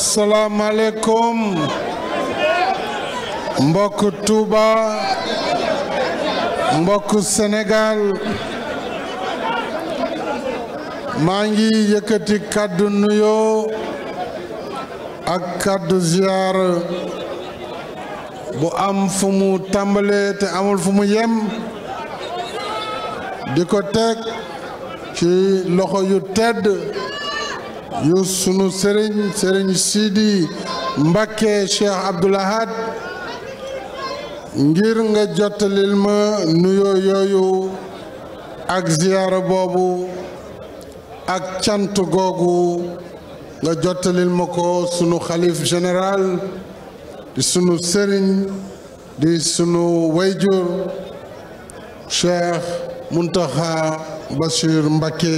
salaamaaleykum mbokk tuuba mbokk Sénégal maa ngi yëkkati kàddu nuyoo ak kàddu ziar bu am fu mu tàmbalee te amul fu mu yem di ko teg ci loxo yu tedd. yu sunu sëriñ sëriñ Sidi mbake Cheikh Abdoul Ahad ngir nga jottalil ma nuyoo yooyu ak ziyaara boobu ak cant googu nga jottalil ma ko sunu xalif général di sunu sëriñ di sunu wayjur Cheikh Muntaxa Bachir Mbakke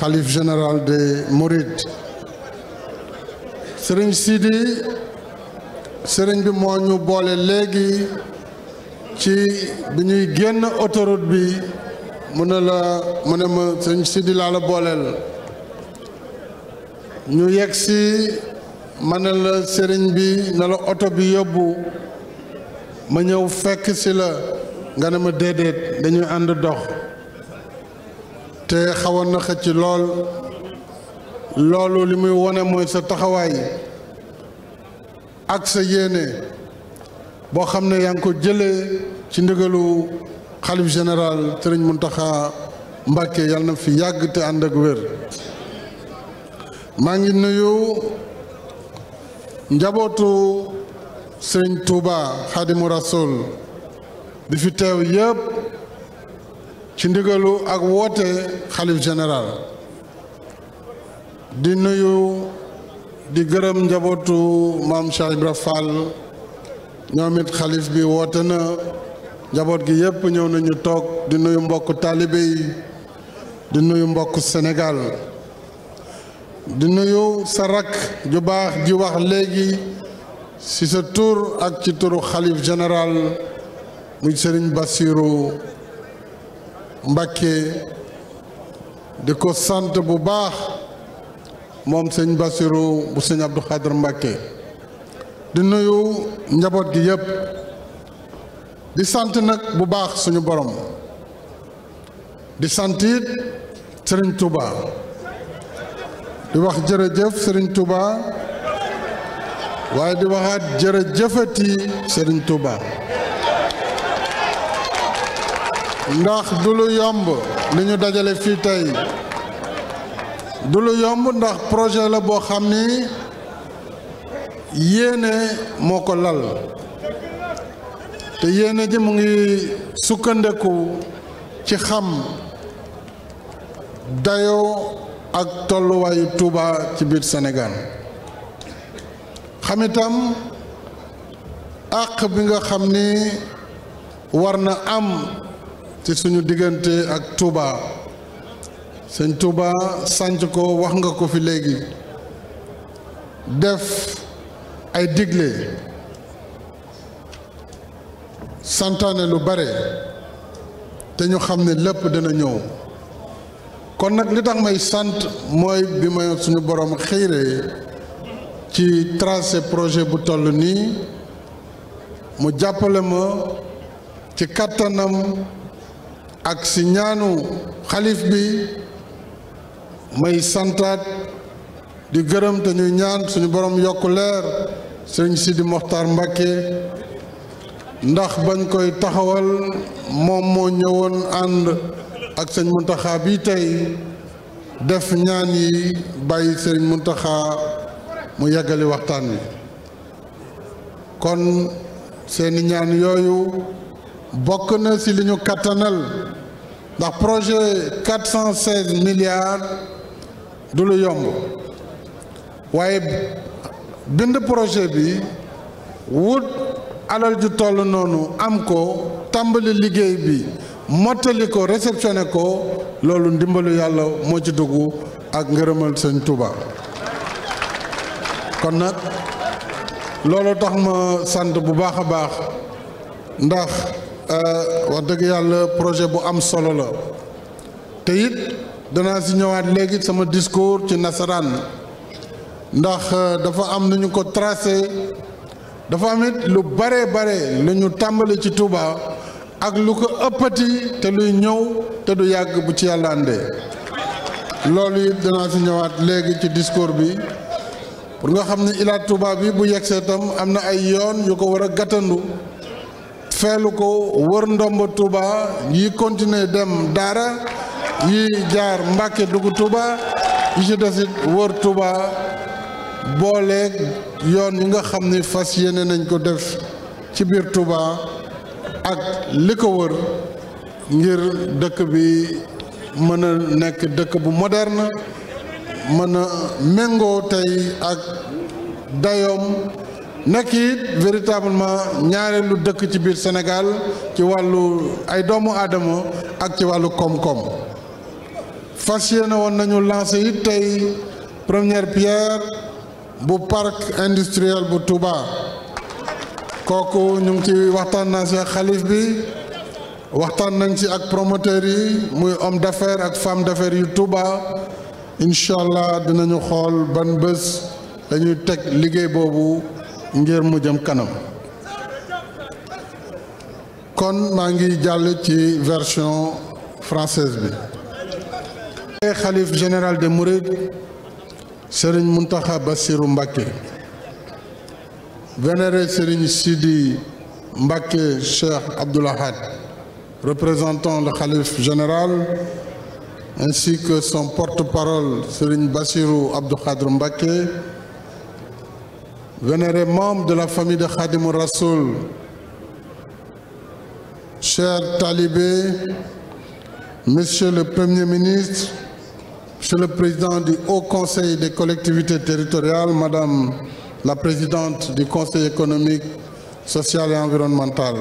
xalif général de Mouride sëriñ Sidi sëriñ bi moo ñu boole léegi ci bi ñuy génn autoroute bi mu ne la mu ne ma sëriñ Sidi laa la booleel ñu yegg ci ma ne la sëriñ bi na la oto bi yóbbu ma ñëw fekk ci la nga ne ma déedéet dañuy ànd dox te xawoon na xëcc lool loolu li muy wone mooy sa taxawaay ak sa yéene boo xam ne yaa ngi ko jëlee ci ndigalu xalif général sëriñ Muntaxa Mbàkke yàlla na fi yàgg te ànd ak wér maa ngi nuyu njabootu sëriñ tuuba Xaadimu Rasuul bi fi teew yépp ci ndigalu ak woote xalif général di nuyu di gërëm njabootu maam Cheikh Ibra Fall ñoom it xalif bi woote na njaboot gi yépp ñëw nañu toog di nuyu mbokk taalibe yi di nuyu mbokk senegal di nuyu sa rakk ju baax ji wax léegi ci sa tur ak ci turu xalif général muy sëriñ Bassirou Mbàkke di ko sant bu baax moom sëñ Basiru bu sëñ Abdou Khadr Mbàkke di nuyu njaboot gi yépp di sant nag bu baax suñu borom di sant it Sëriñ Tuuba di wax jërëjëf Sëriñ Tuuba waaye di waxaat jërëjëfati Sëriñ Tuuba ndax du yomb li ñu dajale fii tey du yomb ndax projet la boo xam ni yéene moo ko lal te yéene ji mu ngi sukkandeku ci xam dayoo ak tolluwaayu Touba ci biir Sénégal xamitam àq bi nga xam ni war na am ci suñu diggante ak Touba sëñ Touba sànc ko wax nga ko fi léegi def ay digle santaane lu bare te ñu xam ne lépp dina ñëw kon nag li tax may sant mooy bi may suñu borom xiiree ci tracé projet bu toll nii mu jàppale ma ci kàttanam ak ci ñaanu xalif bi may santaat di gërëm te ñuy ñaan suñu boroom yokk leer sëriñ Sidi Moxtaar Mbàkke ndax bañ koy taxawal moom moo ñëwoon ànd ak sëñ Muntaxa bi tey def ñaan yi bàyyi sëriñ Muntaxa mu yeggali waxtaan wi kon seeni ñaan yooyu bokk na ci li ñu kattanal ndax projet quatre cent seize du lu yomb waaye bind projet bi wut alal ju toll noonu am ko tàmbali liggéey bi mottali ko réceptionné ko loolu ndimbalu yàlla moo ci dugg ak ngërëmal sëñ Touba kon nag loolu tax ma sant bu baax a baax ndax Euh, wax dëgg yàlla projet bu am solo la te it danaa si ñëwaat léegi sama discours ci nasaraan ndax euh, dafa am nu ñu ko trase dafa am it lu bare bare lu ñu tàmbali ci Touba ak lu ko ëppati te luy ñëw te du yàgg bu ci yàlla àndee loolu it danaa si ñëwaat léegi ci discours bi pour nga xam ne Ila Touba bi bu yegsee tam am na ay yoon yu ko war a gàttandu feelu ko wër ndomb Touba yi continuer dem daara yi jaar Mbàkke dugg Touba yi ci desit wër Touba booleeg yoon yi nga xam ni fas yéene nañ ko def ci biir Touba ak li ko wër ngir dëkk bi mën a nekk dëkk bu moderne mën a mengoo tey ak dayoom nekk it véritablement ñaareelu dëkk ci biir Sénégal ci wàllu ay doomu aadama ak ci wàllu koom-koom fas yéene woon nañu lancé it tey première pierre bu parc industriel bu Touba kooku ñu ngi ci waxtaan naa si xalif bi waxtaan nañ ci ak promoteur yi muy homme d'affaires ak femme d'affaires yu Touba incha allah dinañu xool ban bés dañuy teg liggéey boobu ngir mu jëm kanam kon maa ngi jàll ci version française bi ay xalif général des Mourides Serigne Mountakha Bassirou Mbacké vénéré Serigne Sidi Mbacké Cheikh Abdoul Ahad représentant le xalif général ainsi que son porte-parole Serigne Bassirou Abdou Khadr vénérés membres de la famille de Khadim Rassoul, chers talibés, Monsieur le Premier ministre, Monsieur le Président du Haut Conseil des collectivités territoriales, Madame la Présidente du Conseil économique, social et environnemental,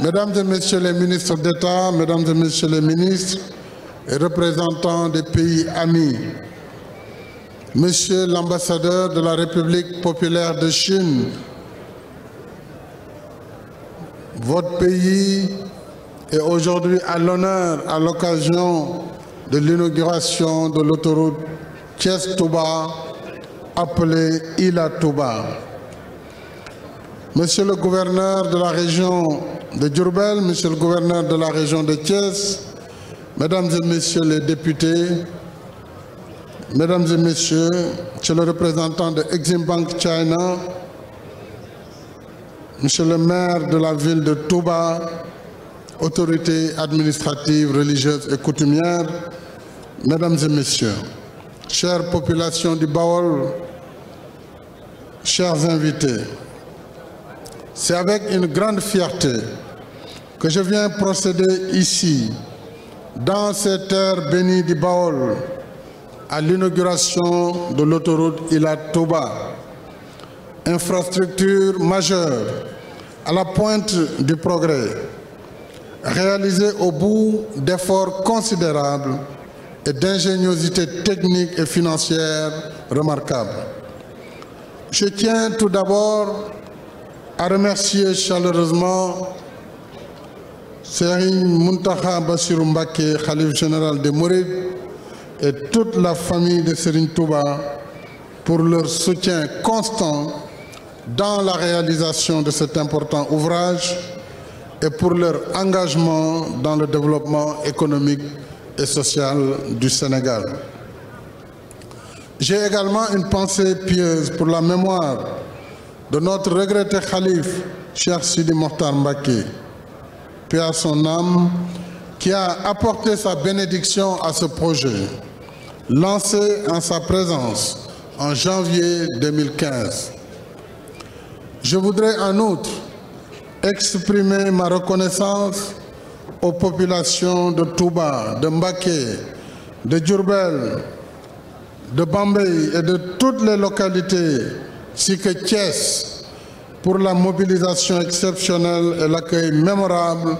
Mesdames et Messieurs les ministres d'État, Mesdames et Messieurs les ministres et représentants des pays amis, Monsieur l'ambassadeur de la République populaire de Chine, votre pays est aujourd'hui à l'honneur à l'occasion de l'inauguration de l'autoroute Thiès-Touba, appelée Ila Touba. Monsieur le gouverneur de la région de Diourbel, monsieur le gouverneur de la région de Thiès, mesdames et messieurs les députés, Mesdames et Messieurs, Monsieur le représentant de Exim Bank China, Monsieur le maire de la ville de Touba, autorité administratives, religieuses et coutumières, Mesdames et Messieurs, chère population du Baol, chers invités, c'est avec une grande fierté que je viens procéder ici, dans cette terre bénie du Baol, à l'inauguration de l'autoroute Ila Touba, infrastructure majeure à la pointe du progrès, réalisée au bout d'efforts considérables et d'ingéniosité technique et financière remarquable. Je tiens tout d'abord à remercier chaleureusement Serigne Mountakha Bassirou Mbacké, Khalife général des Mourides et toute la famille de Serigne pour leur soutien constant dans la réalisation de cet important ouvrage et pour leur engagement dans le développement économique et social du Sénégal. J'ai également une pensée pieuse pour la mémoire de notre regretté calife, Cheikh Sidi Mokhtar Mbacké, paix à son âme, qui a apporté sa bénédiction à ce projet. lancé en sa présence en janvier 2015. Je voudrais en outre exprimer ma reconnaissance aux populations de Touba, de Mbaké, de Djurbel, de Bambay et de toutes les localités, ainsi que Thiès, pour la mobilisation exceptionnelle et l'accueil mémorable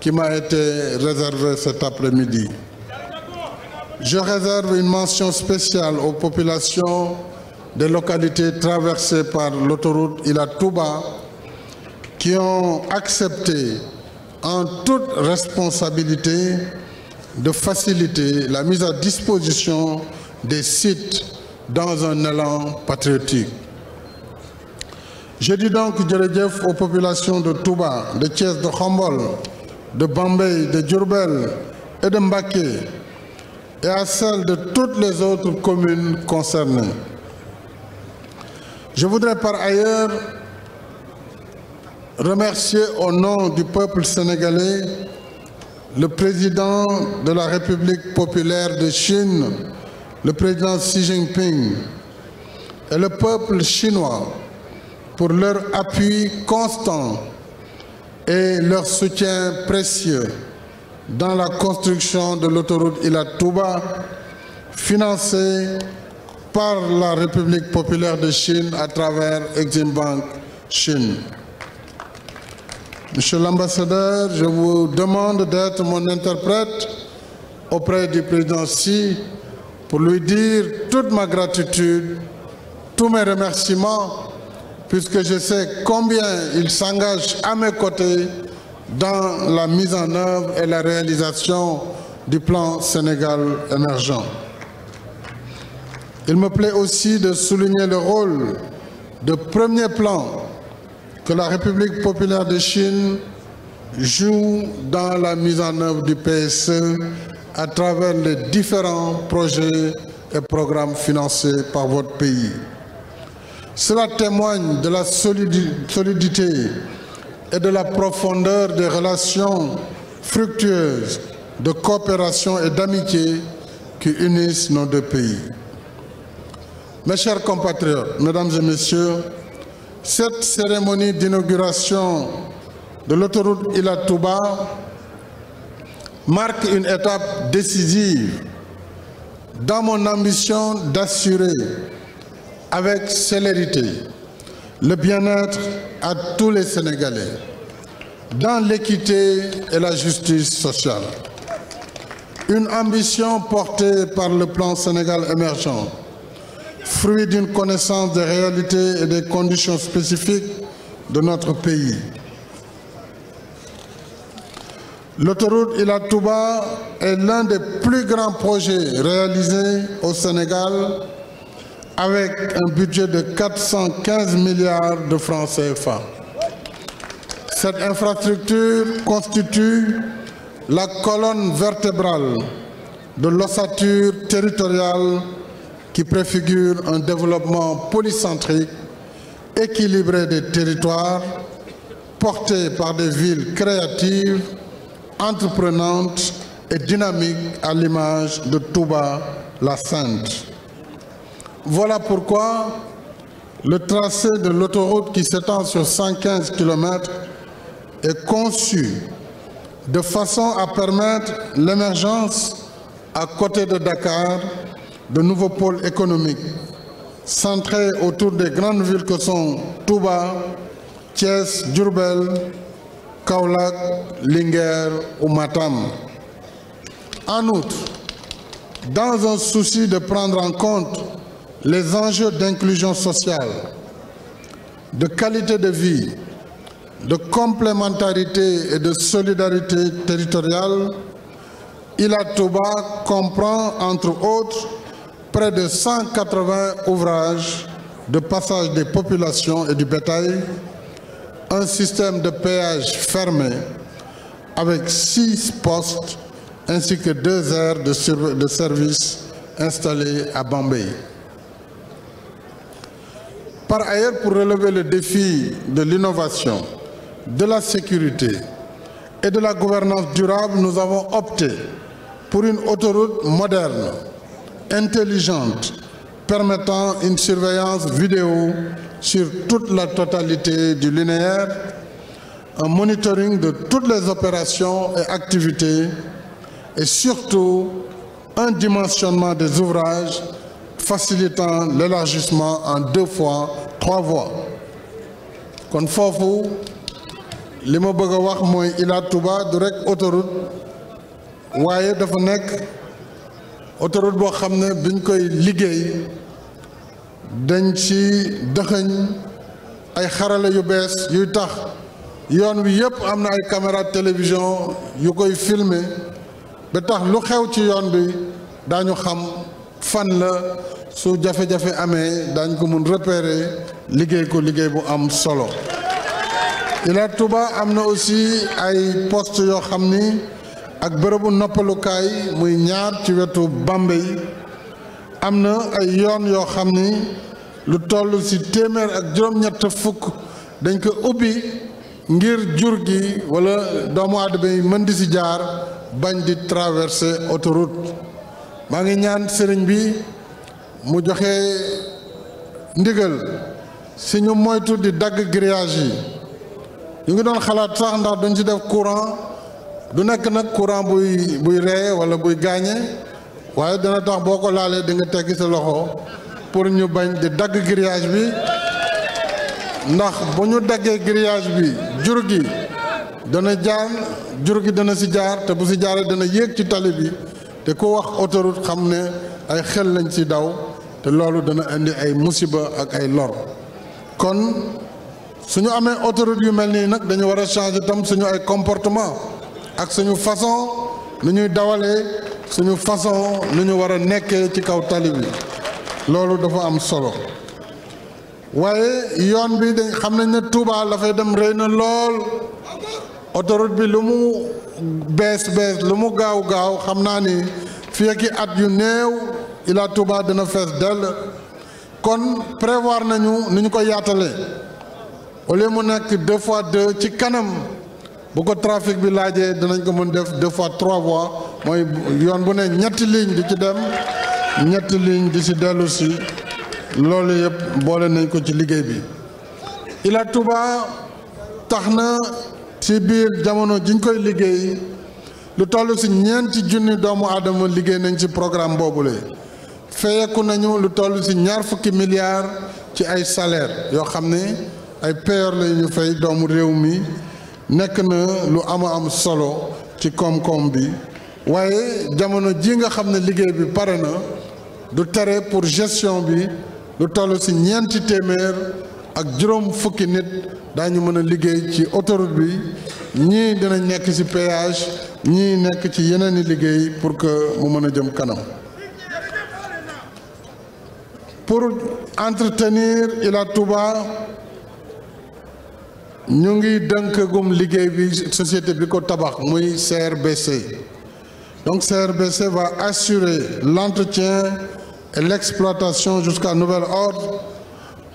qui m'a été réservé cet après-midi. je réserve une mention spéciale aux populations des localités traversées par l'autoroute Ila Touba qui ont accepté en toute responsabilité de faciliter la mise à disposition des sites dans un élan patriotique. Je dis donc jërëjëf aux populations de Touba, de Thiès, de Khombol, de Bambey, de Diourbel et de Mbacké et à celle de toutes les autres communes concernées. Je voudrais par ailleurs remercier au nom du peuple sénégalais le président de la République populaire de Chine, le président Xi Jinping, et le peuple chinois pour leur appui constant et leur soutien précieux. dans la construction de l'autoroute Ila Touba, financée par la République populaire de Chine à travers Exim Bank Chine. Monsieur l'ambassadeur, je vous demande d'être mon interprète auprès du président Xi pour lui dire toute ma gratitude, tous mes remerciements, puisque je sais combien il s'engage à mes côtés dans la mise en œuvre et la réalisation du plan Sénégal émergent. Il me plaît aussi de souligner le rôle de premier plan que la République populaire de Chine joue dans la mise en œuvre du PSE à travers les différents projets et programmes financés par votre pays. Cela témoigne de la solidité et de la profondeur des relations fructueuses de coopération et d'amitié qui unissent nos deux pays. Mes chers compatriotes, mesdames et messieurs, cette cérémonie d'inauguration de l'autoroute Ila Touba marque une étape décisive dans mon ambition d'assurer avec célérité le bien-être à tous les Sénégalais, dans l'équité et la justice sociale. Une ambition portée par le plan Sénégal émergent, fruit d'une connaissance des réalités et des conditions spécifiques de notre pays. L'autoroute tout Touba est l'un des plus grands projets réalisés au Sénégal avec un budget de 415 milliards de francs CFA. Cette infrastructure constitue la colonne vertébrale de l'ossature territoriale qui préfigure un développement polycentrique, équilibré des territoires, porté par des villes créatives, entreprenantes et dynamiques à l'image de Touba la Sainte. Voilà pourquoi le tracé de l'autoroute qui s'étend sur 115 est conçu de façon à permettre l'émergence à côté de Dakar de nouveaux pôles économiques centrés autour des grandes villes que sont Touba, Thiès, Diourbel, Kaolack, Linguère ou Matam. En outre, dans un souci de prendre en compte les enjeux d'inclusion sociale, de qualité de vie, de complémentarité de solidarité territoriale, Ila Touba comprend, entre autres, près de 180 ouvrages de passage des populations et du un système de péage fermé avec six postes ainsi que deux aires de, service installées à Bombay. Par ailleurs, pour relever le défi de l'innovation, de la sécurité et de la gouvernance durable, nous avons opté pour une autoroute moderne, intelligente, permettant une surveillance vidéo sur toute la totalité du linéaire, un monitoring de toutes les opérations et activités et surtout un dimensionnement des ouvrages facilitant l'élargissement en deux fois trois voies kon foofu li ma bëgg a wax mooy Ila Touba du rek autoroute waaye dafa nekk autoroute boo xam ne biñ koy liggéey dañ ci dëxëñ ay xarala yu bees yuy tax yoon wi yëpp am na ay caméra télévision yu koy filmer ba tax lu xew ci yoon bi daañu xam fan la su jafe-jafe amee dañ ko mun repérer liggéey ko liggéey bu am solo Ila Touba am na aussi ay post yoo xam ni ak bërëbu noppalukaay muy ñaar ci wetu Bambey am na ay yoon yoo xam ni lu toll ci téeméer ak juróom-ñett fukk dañ ko ubbi ngir jur gi wala doomu aadama yi mën di ci jaar bañ di traverser autoroute maa ngi ñaan sëriñ bi mu joxe ndigal si ñu moytu di dagg grillage yi ñu ngi doon xalaat sax ndax duñ ci def courant du nekk nag courant buy buy reye wala buy gaañe waaye dana tax boo ko laalee di nga teggi sa loxo pour ñu bañ di dagg grillage bi ndax bu ñu daggee grillage bi jur gi dana jaan jur gi dana si jaar te bu si jaaree dana yéeg ci tali bi te ku wax autoroute xam ne ay xel lañ si daw te loolu dana indi ay musiba ak ay lor kon su ñu amee autoroute yu mel nii nag dañu war a changer tam suñu ay comportement ak suñu façon nu ñuy dawalee suñu façon nu ñu war a nekkee ci kaw tali bi loolu dafa am solo waaye yoon bi dañ xam nañ ne Touba la dem rëy na lool autoroute bi lu mu bees bees lu mu gaaw gaaw xam naa ni fii at yu néew Ila Touba dina fees dell kon prévoir nañu ni ñu ko yaatalee au lieu mu nekk deux fois de ci kanam bu ko trafic bi laajee dinañ ko mën def deux fois trois voies mooy yoon bu ne ñetti ligne di ci dem ñetti ligne di ci dellusi si loolu yëpp boole nañ ko ci liggéey bi Ila Touba tax na. ci biir jamono jiñ koy liggéey lu toll si ñeenti junni doomu aadama liggéey nañ ci programme le feyeku nañu lu toll si ñaar fukki milliards ci ay salaire yoo xam ne ay payeur la ñu fay doomu réew mi nekk na lu am am solo ci koom-koom bi waaye jamono ji nga xam ne liggéey bi pare na du tere pour gestion bi lu toll si ñeenti téeméer ak juróom fukki nit daañu mën a liggéey ci autoroute bi ñii dinañ nekk ci péage ñii nekk ci yeneen i liggéey pour que mu mën a jëm kanam pour entretenir Ila Touba ñu ngi dënk gum liggéey bi société bi ko tabax muy CRBC donc CRBC va assurer l'entretien et l'exploitation jusqu'à nouvel ordre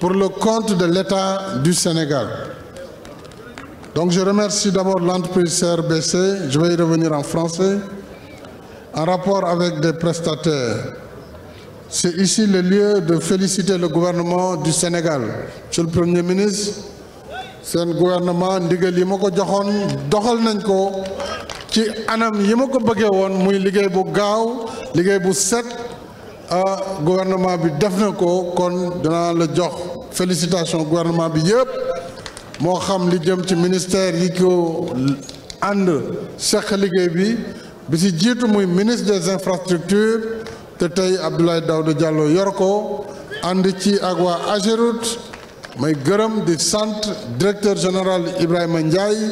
pour le compte de l'État du Sénégal. Donc je remercie d'abord l'entreprise CRBC, je vais y revenir en français, en rapport avec des prestataires. C'est ici le lieu de féliciter le gouvernement du Sénégal. Monsieur le Premier ministre, seen gouvernement ndigal yi ma ko joxoon doxal nañ ko ci anam yi ma ko bëggee woon muy liggéey bu gaaw liggéey bu set ah, gouvernement bi def na ko kon dinaa la jox félicitation gouvernement bi yëpp moo xam li jëm ci ministère yi ko ànd seq liggéey bi bi ci jiitu muy ministre des infrastructures te tey Abdoulaye Daouda Diallo yor ko ànd ci ak waa Ageroute may gërëm di sant directeur général Ibrahima Ndiaye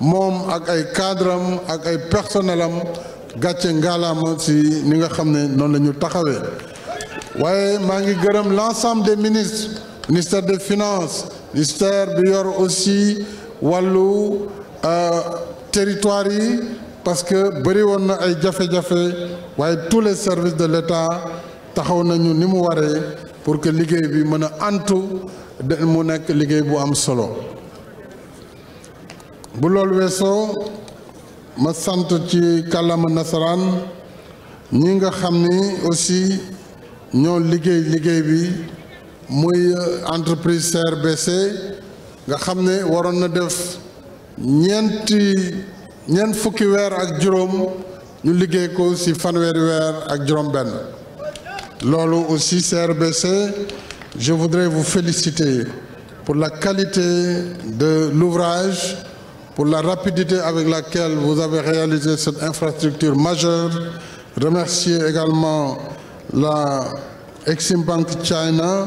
moom ak ay cadram ak ay personnel am gàcce ngaalaama si ni nga xam ne noonu lañu ñu taxawee waaye maa ngi gërëm l'ensemble des ministres ministère de finance ministère bi yor aussi wàllu euh, territoire yi parce que bëri woon na ay jafe-jafe waaye tous les services de l'État taxaw nañu ni mu waree pour que liggéey bi mën a antu de mu nekk liggéey bu am solo bu loolu weesoo ma sant ci kàllaama nasaraan ñi nga xam ni aussi ñoo liggéey liggéey bi muy euh, entreprise CRBC nga xam ne waroon na def ñeenti ñeent fukki weer ak juróom ñu liggéey ko ci fanweeri weer ak juróom-benn loolu aussi CRBC je voudrais vous féliciter pour la qualité de l'ouvrage pour la rapidité avec laquelle vous avez réalisé cette infrastructure majeure remercier également la Exim Bank China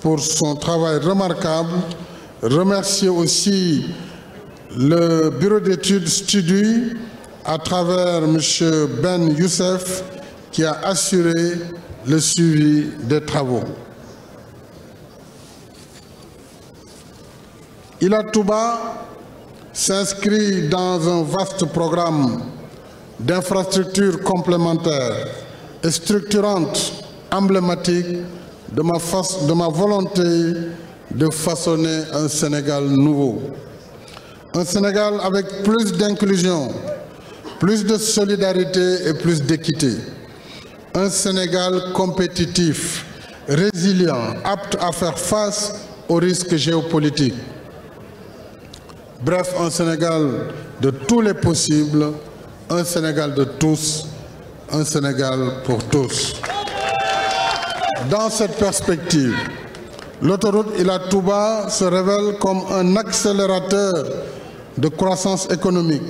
pour son travail remarquable. Remercier aussi le bureau d'études STUDU à travers M. Ben Youssef qui a assuré le suivi des travaux. Ila Touba s'inscrit dans un vaste programme d'infrastructures complémentaires et structurantes emblématiques de ma, de ma volonté de façonner un Sénégal nouveau. Un Sénégal avec plus d'inclusion, plus de solidarité et plus d'équité. Un Sénégal compétitif, résilient, apte à faire face aux risques géopolitiques. Bref, un Sénégal de tous les possibles, un Sénégal de tous, un Sénégal pour tous. Dans cette perspective, l'autoroute Ila Touba se révèle comme un accélérateur de croissance économique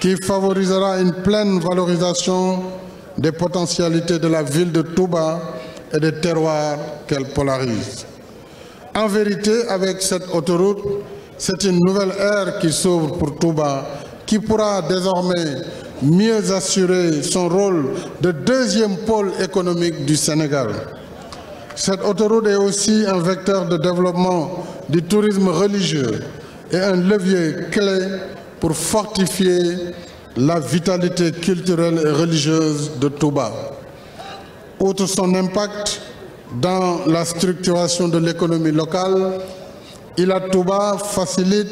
qui favorisera une pleine valorisation des potentialités de la ville de Touba et des terroirs qu'elle polarise. En vérité, avec cette autoroute, c'est une nouvelle ère qui s'ouvre pour Touba, qui pourra désormais mieux assurer son rôle de deuxième pôle économique du Sénégal. Cette autoroute est aussi un vecteur de développement du tourisme religieux et un levier clé pour fortifier la vitalité culturelle et religieuse de Touba. Outre son impact dans la structuration de l'économie locale, Ila Touba facilite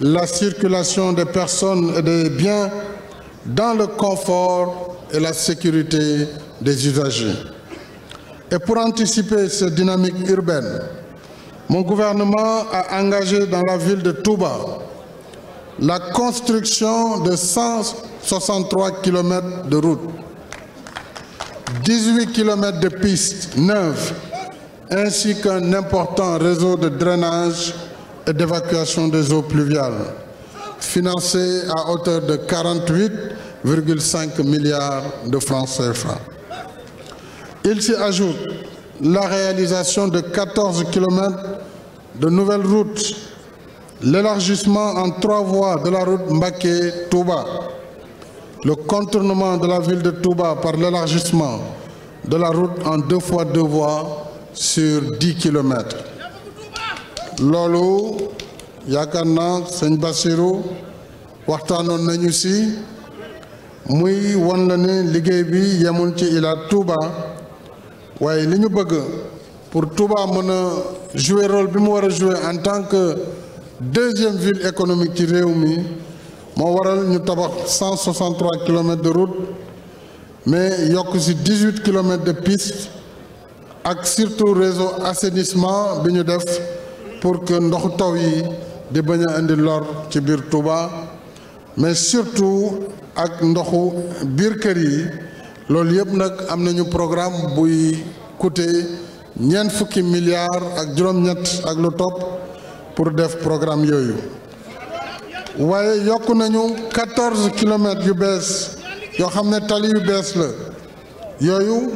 la circulation des personnes et des biens dans le confort et la sécurité des usagers. Et pour anticiper cette dynamique urbaine, mon gouvernement a engagé dans la ville de Touba la construction de 163 km de route, 18 km de pistes neuves, ainsi important réseau de drainage et d'évacuation des eaux pluviales. financé à hauteur de 48,5 milliards de francs CFA. Il s'y ajoute la de 14 km de nouvelles routes, l'élargissement en trois voies de la route touba le contournement de la ville de Touba par l'élargissement de la route en deux fois deux voies sur 10 yaakaar naa sëñ Bassirou waxtaanoon nañu si muy won la ne liggéey bi yemul ci Ila Touba waaye li ñu bëgg pour Touba mën a jouer bi mu war a en tant que deuxième ville économique ci réew mi moo waral ñu tabax 163 kilomètres de route mais yokk si 18 kilomètres de piste ak surtout réseau assainissement bi ñu def pour que ndoxu taw yi di baña indi lor ci biir Touba mais surtout ak ndoxu biir kër yi loolu yëpp nag am nañu programme buy coûter ñeent fukki milliards ak juróom-ñett ak lu topp pour def programme yooyu waaye yokk nañu quatorze kilomètres yu bees yoo xam ne tali yu bees la yooyu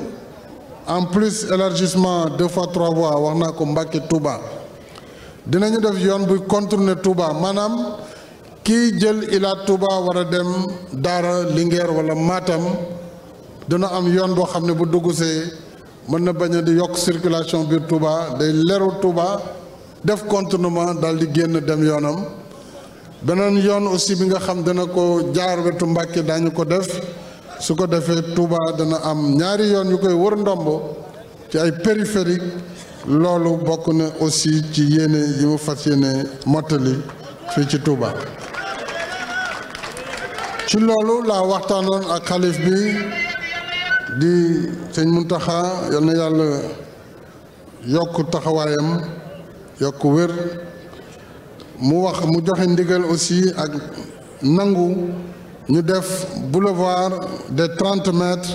en plus élargissement deux fois trois voies wax naa ko Mbacké Touba. dinañu def yoon buy contourner Touba maanaam kii jël Ila Touba war a dem Daara Linguère wala Matam dina am yoon boo xam ne bu dugg see mën na bañ a di yokk circulation biir Touba day leru Touba def contournement daal di génn dem yoonam beneen yoon aussi bi nga xam dana ko jaar wetu Mbàkke daañu ko def su ko defee Touba dana am ñaari yoon yu koy wër ndomb ci ay périphérique loolu bokk na aussi ci yéene yi mu fas yéene mottali fii ci Touba ci loolu waxtaan waxtaanoon ak xalif bi di sëñ Muntaxa yal na yàlla yokk taxawaayam yokk wér mu wax mu joxe ndigal aussi ak nangu ñu def boulevard de trente mètres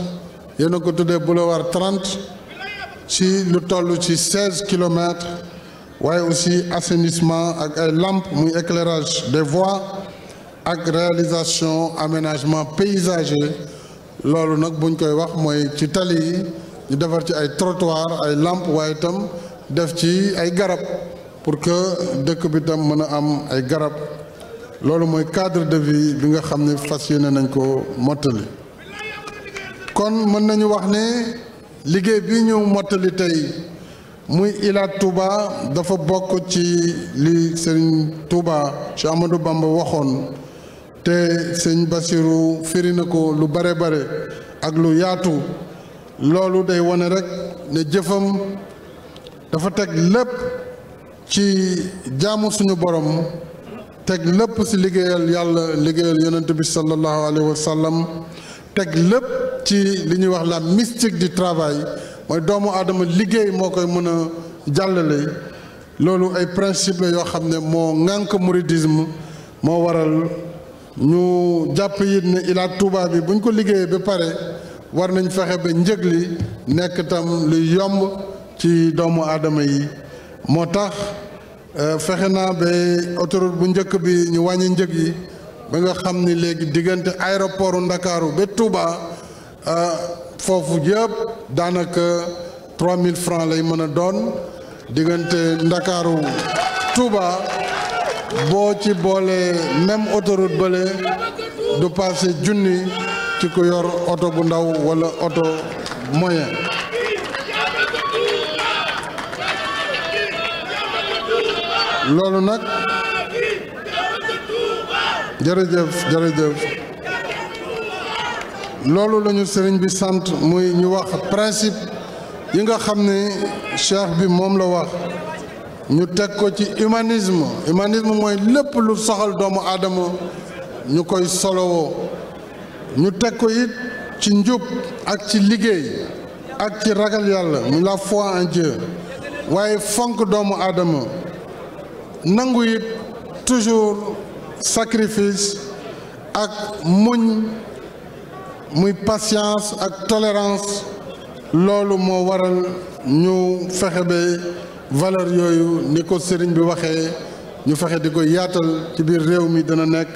yéen a ko tuddee boulevard trente ci lu toll ci seize kilomètres waaye aussi assainissement ak ay lampes muy éclairage des voies ak réalisation aménagement paysager loolu nag buñ koy wax mooy ci tali yi ñu defar ci ay trottoir ay làmp waaye itam def ci ay garab pour que dëkk bi tam mën a am ay garab loolu mooy cadre de vie bi nga xam ne fas yéene nañ ko mottali kon mën nañu wax ne liggéey bi ñu mottali tey muy Ila Touba dafa bokk ci li sëñ Touba Cheikh Amadou Bamba waxoon te sëñ Basiru firi na ko lu bare bare ak lu yaatu loolu day wane rek ne jëfam dafa teg lépp ci jaamu suñu borom teg lépp ci liggéeyal yàlla liggéeyal yonent bi sallallahu alayhi wa teg lépp ci li ñuy wax la mystique di travail mooy doomu aadama liggéey moo koy mën a jàllale loolu ay principe yoo xam ne moo ŋànk mouridisme moo waral ñu jàpp yit ne Ila Touba bi bu ñu ko liggéeyee ba pare war nañ fexe ba njëg li nekk tam lu yomb ci doomu aadama yi moo tax euh, fexe naa ba autoroute bu njëkk bi ñu wàññi njëg yi ba nga xam ni léegi diggante aéroport Ndakaaru ba Touba Euh, foofu yëpp daanaka 3000 francs lay mën a doon diggante Ndakaaru Touba boo ci boolee même autoroute bële du passé junni ci ku yor oto bu ndaw wala oto moyen loolu nag jërëjëf jërëjëf loolu lañu sëriñ bi sant muy ñu wax principe yi nga xam ne cheikh bi moom la wax ñu teg ko ci humanisme humanisme mooy lépp lu soxal doomu aadama ñu koy solowoo ñu teg ko it ci njub ak ci liggéey ak ci ragal yàlla mu la fois en Dieu waaye fonk doomu aadama nangu it toujours sacrifice ak muñ muy patience ak tolérance loolu moo waral ñu fexe ba valeur yooyu ni ko sëriñ bi waxee ñu fexe di ko yaatal ci biir réew mi dina nekk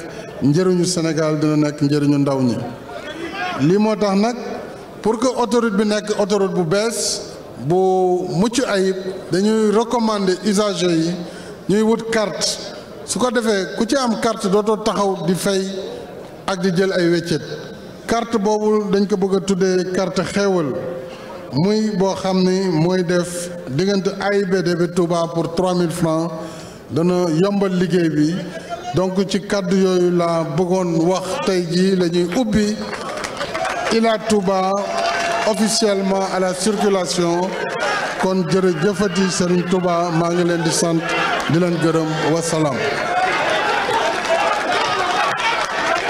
njëriñu Sénégal dina nekk njëriñu ndaw ñi lii moo tax nag pour que autoroute bi nekk autoroute bu bees bu mucc ayib dañuy recommander usagers yi ñuy wut carte su ko defee ku ci am carte dootoo taxaw di fay ak di jël ay weccet carte boobu dañ ko bëgg a tuddee carte xéewal muy boo xam ni mooy def diggante AIBD bi Touba pour 3000 francs dana yombal liggéey bi donc ci kàddu yooyu laa bëggoon wax tey jii la ñuy ubbi Ila Touba officiellement à la circulation kon jërëjëfati Serigne Touba maa ngi leen di sant di leen gërëm wasalaam.